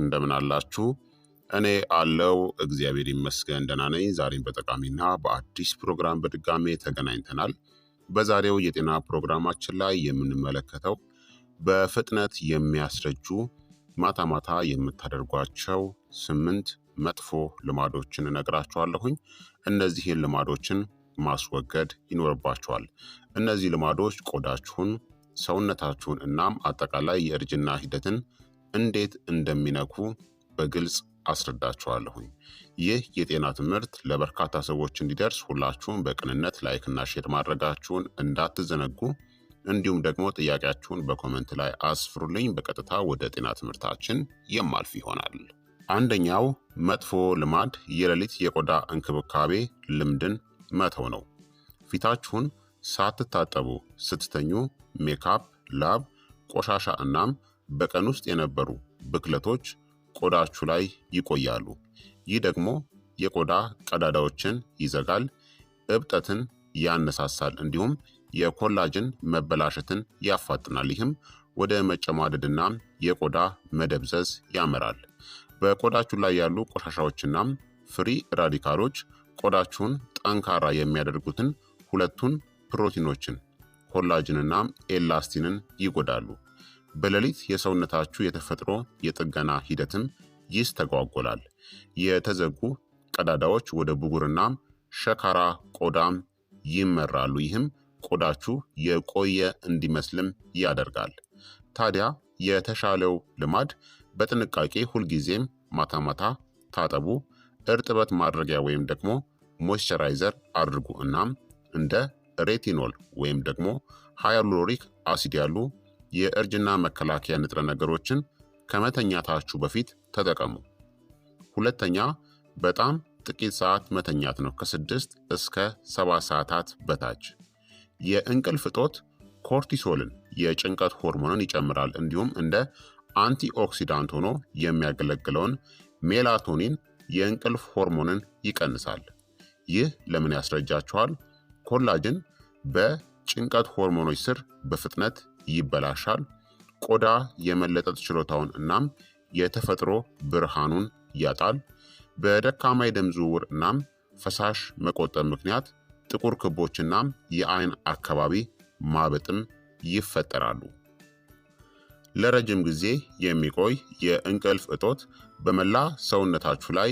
እንደምን አላችሁ? እኔ አለው እግዚአብሔር ይመስገን ደህና ነኝ። ዛሬም በጠቃሚና በአዲስ ፕሮግራም በድጋሜ ተገናኝተናል። በዛሬው የጤና ፕሮግራማችን ላይ የምንመለከተው በፍጥነት የሚያስረጁ ማታ ማታ የምታደርጓቸው ስምንት መጥፎ ልማዶችን እነግራችኋለሁኝ። እነዚህን ልማዶችን ማስወገድ ይኖርባችኋል። እነዚህ ልማዶች ቆዳችሁን፣ ሰውነታችሁን እናም አጠቃላይ የእርጅና ሂደትን እንዴት እንደሚነኩ በግልጽ አስረዳችኋለሁኝ። ይህ የጤና ትምህርት ለበርካታ ሰዎች እንዲደርስ ሁላችሁም በቅንነት ላይክና ሼር ማድረጋችሁን እንዳትዘነጉ፣ እንዲሁም ደግሞ ጥያቄያችሁን በኮመንት ላይ አስፍሩልኝ። በቀጥታ ወደ ጤና ትምህርታችን የማልፍ ይሆናል። አንደኛው መጥፎ ልማድ የሌሊት የቆዳ እንክብካቤ ልምድን መተው ነው። ፊታችሁን ሳትታጠቡ ስትተኙ ሜካፕ፣ ላብ፣ ቆሻሻ እናም በቀን ውስጥ የነበሩ ብክለቶች ቆዳችሁ ላይ ይቆያሉ። ይህ ደግሞ የቆዳ ቀዳዳዎችን ይዘጋል፣ እብጠትን ያነሳሳል፣ እንዲሁም የኮላጅን መበላሸትን ያፋጥናል። ይህም ወደ መጨማደድና የቆዳ መደብዘዝ ያመራል። በቆዳችሁ ላይ ያሉ ቆሻሻዎችና ፍሪ ራዲካሎች ቆዳችሁን ጠንካራ የሚያደርጉትን ሁለቱን ፕሮቲኖችን ኮላጅንና ኤላስቲንን ይጎዳሉ። በሌሊት የሰውነታችሁ የተፈጥሮ የጥገና ሂደትም ይስተጓጎላል። የተዘጉ ቀዳዳዎች ወደ ብጉርናም ሸካራ ቆዳም ይመራሉ። ይህም ቆዳችሁ የቆየ እንዲመስልም ያደርጋል። ታዲያ የተሻለው ልማድ በጥንቃቄ ሁልጊዜም ማታ ማታ ታጠቡ። እርጥበት ማድረጊያ ወይም ደግሞ ሞይስቸራይዘር አድርጉ። እናም እንደ ሬቲኖል ወይም ደግሞ ሃያሉሮኒክ አሲድ ያሉ የእርጅና መከላከያ ንጥረ ነገሮችን ከመተኛታችሁ በፊት ተጠቀሙ። ሁለተኛ በጣም ጥቂት ሰዓት መተኛት ነው፣ ከስድስት እስከ ሰባት ሰዓታት በታች። የእንቅልፍ እጦት ኮርቲሶልን የጭንቀት ሆርሞንን ይጨምራል። እንዲሁም እንደ አንቲኦክሲዳንት ሆኖ የሚያገለግለውን ሜላቶኒን የእንቅልፍ ሆርሞንን ይቀንሳል። ይህ ለምን ያስረጃችኋል? ኮላጅን በጭንቀት ሆርሞኖች ስር በፍጥነት ይበላሻል። ቆዳ የመለጠጥ ችሎታውን እናም የተፈጥሮ ብርሃኑን ያጣል። በደካማ የደም ዝውውር እናም ፈሳሽ መቆጠብ ምክንያት ጥቁር ክቦች እናም የአይን አካባቢ ማበጥም ይፈጠራሉ። ለረጅም ጊዜ የሚቆይ የእንቅልፍ እጦት በመላ ሰውነታችሁ ላይ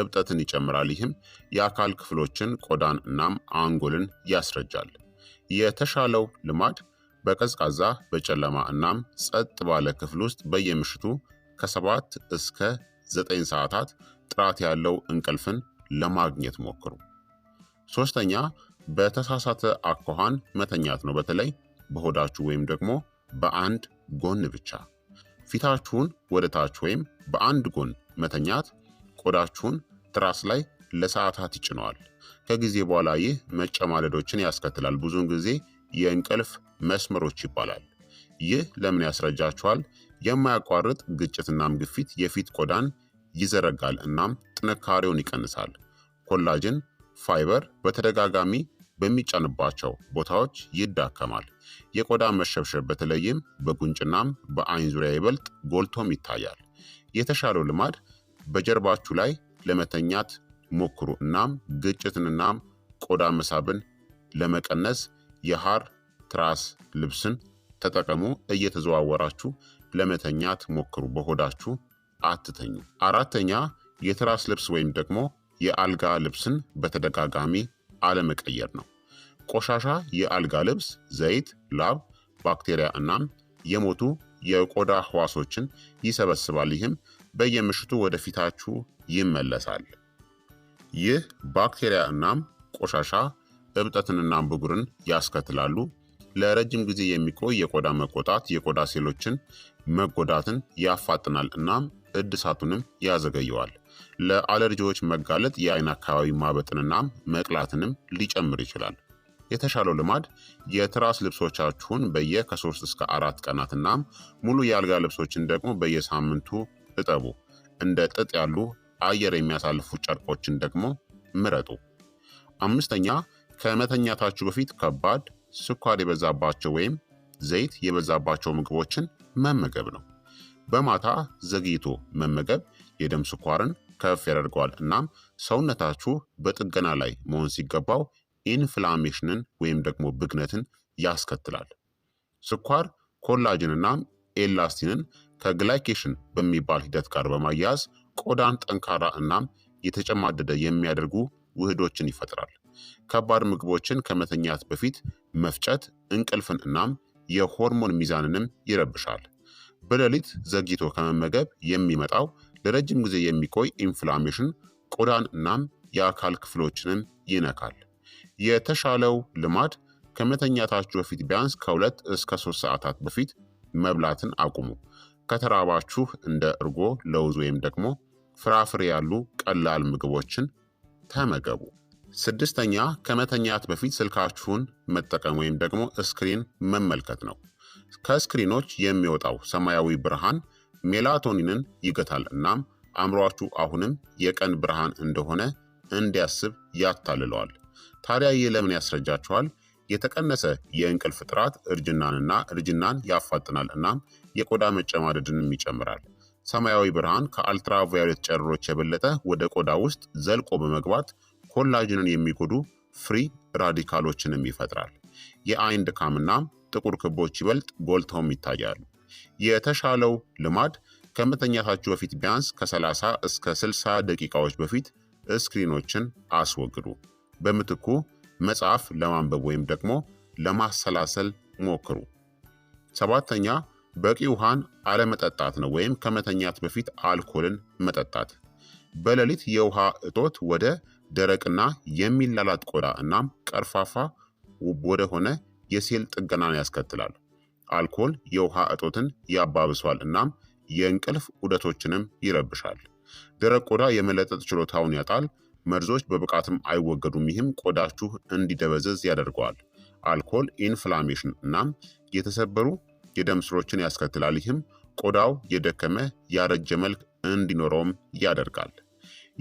እብጠትን ይጨምራል። ይህም የአካል ክፍሎችን ቆዳን እናም አንጎልን ያስረጃል። የተሻለው ልማድ በቀዝቃዛ በጨለማ እናም ጸጥ ባለ ክፍል ውስጥ በየምሽቱ ከሰባት እስከ ዘጠኝ ሰዓታት ጥራት ያለው እንቅልፍን ለማግኘት ሞክሩ። ሶስተኛ በተሳሳተ አኳኋን መተኛት ነው። በተለይ በሆዳችሁ ወይም ደግሞ በአንድ ጎን ብቻ ፊታችሁን ወደ ታች ወይም በአንድ ጎን መተኛት ቆዳችሁን ትራስ ላይ ለሰዓታት ይጭነዋል። ከጊዜ በኋላ ይህ መጨማደዶችን ያስከትላል። ብዙውን ጊዜ የእንቅልፍ መስመሮች ይባላል። ይህ ለምን ያስረጃችኋል? የማያቋርጥ ግጭትናም ግፊት የፊት ቆዳን ይዘረጋል እናም ጥንካሬውን ይቀንሳል። ኮላጅን ፋይበር በተደጋጋሚ በሚጫንባቸው ቦታዎች ይዳከማል። የቆዳ መሸብሸብ በተለይም በጉንጭናም በአይን ዙሪያ ይበልጥ ጎልቶም ይታያል። የተሻለው ልማድ በጀርባችሁ ላይ ለመተኛት ሞክሩ እናም ግጭትንናም ቆዳ መሳብን ለመቀነስ የሐር ትራስ ልብስን ተጠቀሙ። እየተዘዋወራችሁ ለመተኛት ሞክሩ። በሆዳችሁ አትተኙ። አራተኛ የትራስ ልብስ ወይም ደግሞ የአልጋ ልብስን በተደጋጋሚ አለመቀየር ነው። ቆሻሻ የአልጋ ልብስ ዘይት፣ ላብ፣ ባክቴሪያ እናም የሞቱ የቆዳ ህዋሶችን ይሰበስባል። ይህም በየምሽቱ ወደ ፊታችሁ ይመለሳል። ይህ ባክቴሪያ እናም ቆሻሻ እብጠትንና ብጉርን ያስከትላሉ። ለረጅም ጊዜ የሚቆይ የቆዳ መቆጣት የቆዳ ሴሎችን መጎዳትን ያፋጥናል እናም እድሳቱንም ያዘገየዋል። ለአለርጂዎች መጋለጥ የአይን አካባቢ ማበጥንናም መቅላትንም ሊጨምር ይችላል። የተሻለው ልማድ የትራስ ልብሶቻችሁን በየ ከሶስት እስከ አራት ቀናት እናም ሙሉ የአልጋ ልብሶችን ደግሞ በየሳምንቱ እጠቡ። እንደ ጥጥ ያሉ አየር የሚያሳልፉ ጨርቆችን ደግሞ ምረጡ። አምስተኛ ከመተኛታችሁ በፊት ከባድ ስኳር የበዛባቸው ወይም ዘይት የበዛባቸው ምግቦችን መመገብ ነው። በማታ ዘግይቶ መመገብ የደም ስኳርን ከፍ ያደርገዋል። እናም ሰውነታችሁ በጥገና ላይ መሆን ሲገባው ኢንፍላሜሽንን ወይም ደግሞ ብግነትን ያስከትላል። ስኳር ኮላጅን እናም ኤላስቲንን ከግላይኬሽን በሚባል ሂደት ጋር በማያያዝ ቆዳን ጠንካራ እናም የተጨማደደ የሚያደርጉ ውህዶችን ይፈጥራል። ከባድ ምግቦችን ከመተኛት በፊት መፍጨት እንቅልፍን እናም የሆርሞን ሚዛንንም ይረብሻል። በሌሊት ዘግይቶ ከመመገብ የሚመጣው ለረጅም ጊዜ የሚቆይ ኢንፍላሜሽን ቆዳን እናም የአካል ክፍሎችንም ይነካል። የተሻለው ልማድ ከመተኛታችሁ በፊት ቢያንስ ከሁለት እስከ ሶስት ሰዓታት በፊት መብላትን አቁሙ። ከተራባችሁ እንደ እርጎ፣ ለውዝ ወይም ደግሞ ፍራፍሬ ያሉ ቀላል ምግቦችን ተመገቡ። ስድስተኛ ከመተኛት በፊት ስልካችሁን መጠቀም ወይም ደግሞ ስክሪን መመልከት ነው። ከስክሪኖች የሚወጣው ሰማያዊ ብርሃን ሜላቶኒንን ይገታል። እናም አእምሯችሁ አሁንም የቀን ብርሃን እንደሆነ እንዲያስብ ያታልለዋል። ታዲያ ይህ ለምን ያስረጃችኋል? የተቀነሰ የእንቅልፍ ጥራት እርጅናንና እርጅናን ያፋጥናል እናም የቆዳ መጨማደድንም ይጨምራል። ሰማያዊ ብርሃን ከአልትራቫዮሌት ጨረሮች የበለጠ ወደ ቆዳ ውስጥ ዘልቆ በመግባት ኮላጅንን የሚጎዱ ፍሪ ራዲካሎችንም ይፈጥራል። የአይን ድካምና ጥቁር ክቦች ይበልጥ ጎልተውም ይታያሉ። የተሻለው ልማድ ከመተኛታችሁ በፊት ቢያንስ ከ30 እስከ 60 ደቂቃዎች በፊት ስክሪኖችን አስወግዱ። በምትኩ መጽሐፍ ለማንበብ ወይም ደግሞ ለማሰላሰል ሞክሩ። ሰባተኛ በቂ ውሃን አለመጠጣት ነው፣ ወይም ከመተኛት በፊት አልኮልን መጠጣት። በሌሊት የውሃ እጦት ወደ ደረቅና የሚላላት ቆዳ እናም ቀርፋፋ ወደሆነ የሴል ጥገናን ያስከትላል። አልኮል የውሃ እጦትን ያባብሷል እናም የእንቅልፍ ዑደቶችንም ይረብሻል። ደረቅ ቆዳ የመለጠጥ ችሎታውን ያጣል። መርዞች በብቃትም አይወገዱም፣ ይህም ቆዳችሁ እንዲደበዘዝ ያደርገዋል። አልኮል ኢንፍላሜሽን እናም የተሰበሩ የደም ስሮችን ያስከትላል። ይህም ቆዳው የደከመ ያረጀ መልክ እንዲኖረውም ያደርጋል።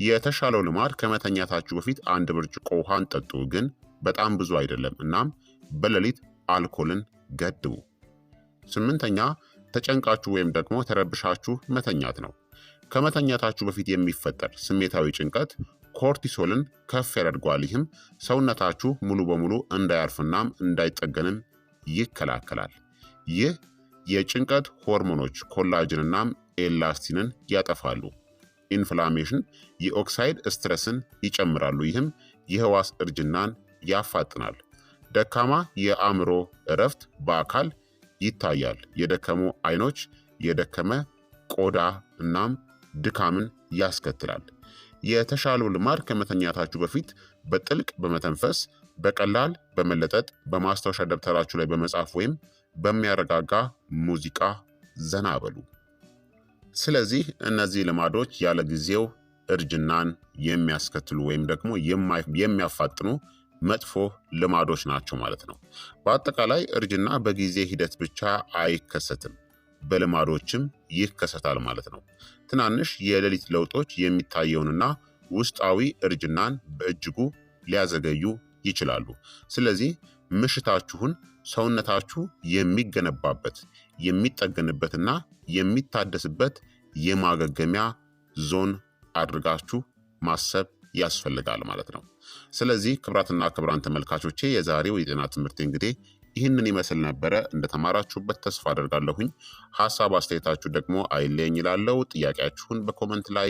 የተሻለው ልማድ ከመተኛታችሁ በፊት አንድ ብርጭቆ ውሃን ጠጡ፣ ግን በጣም ብዙ አይደለም። እናም በሌሊት አልኮልን ገድቡ። ስምንተኛ ተጨንቃችሁ ወይም ደግሞ ተረብሻችሁ መተኛት ነው። ከመተኛታችሁ በፊት የሚፈጠር ስሜታዊ ጭንቀት ኮርቲሶልን ከፍ ያደርገዋል። ይህም ሰውነታችሁ ሙሉ በሙሉ እንዳያርፍናም እንዳይጠገንም ይከላከላል። ይህ የጭንቀት ሆርሞኖች ኮላጅንናም ኤላስቲንን ያጠፋሉ። ኢንፍላሜሽን፣ የኦክሳይድ ስትረስን ይጨምራሉ። ይህም የህዋስ እርጅናን ያፋጥናል። ደካማ የአእምሮ እረፍት በአካል ይታያል። የደከሙ አይኖች፣ የደከመ ቆዳ እናም ድካምን ያስከትላል። የተሻለው ልማድ ከመተኛታችሁ በፊት በጥልቅ በመተንፈስ በቀላል በመለጠጥ በማስታወሻ ደብተራችሁ ላይ በመጻፍ ወይም በሚያረጋጋ ሙዚቃ ዘና በሉ። ስለዚህ እነዚህ ልማዶች ያለ ጊዜው እርጅናን የሚያስከትሉ ወይም ደግሞ የሚያፋጥኑ መጥፎ ልማዶች ናቸው ማለት ነው። በአጠቃላይ እርጅና በጊዜ ሂደት ብቻ አይከሰትም፣ በልማዶችም ይከሰታል ማለት ነው። ትናንሽ የሌሊት ለውጦች የሚታየውንና ውስጣዊ እርጅናን በእጅጉ ሊያዘገዩ ይችላሉ። ስለዚህ ምሽታችሁን ሰውነታችሁ የሚገነባበት የሚጠገንበትና የሚታደስበት የማገገሚያ ዞን አድርጋችሁ ማሰብ ያስፈልጋል ማለት ነው። ስለዚህ ክብራትና ክብራን ተመልካቾቼ የዛሬው የጤና ትምህርት እንግዲህ ይህንን ይመስል ነበረ። እንደተማራችሁበት ተስፋ አደርጋለሁኝ። ሀሳብ አስተያየታችሁ ደግሞ አይለኝ ይላለው። ጥያቄያችሁን በኮመንት ላይ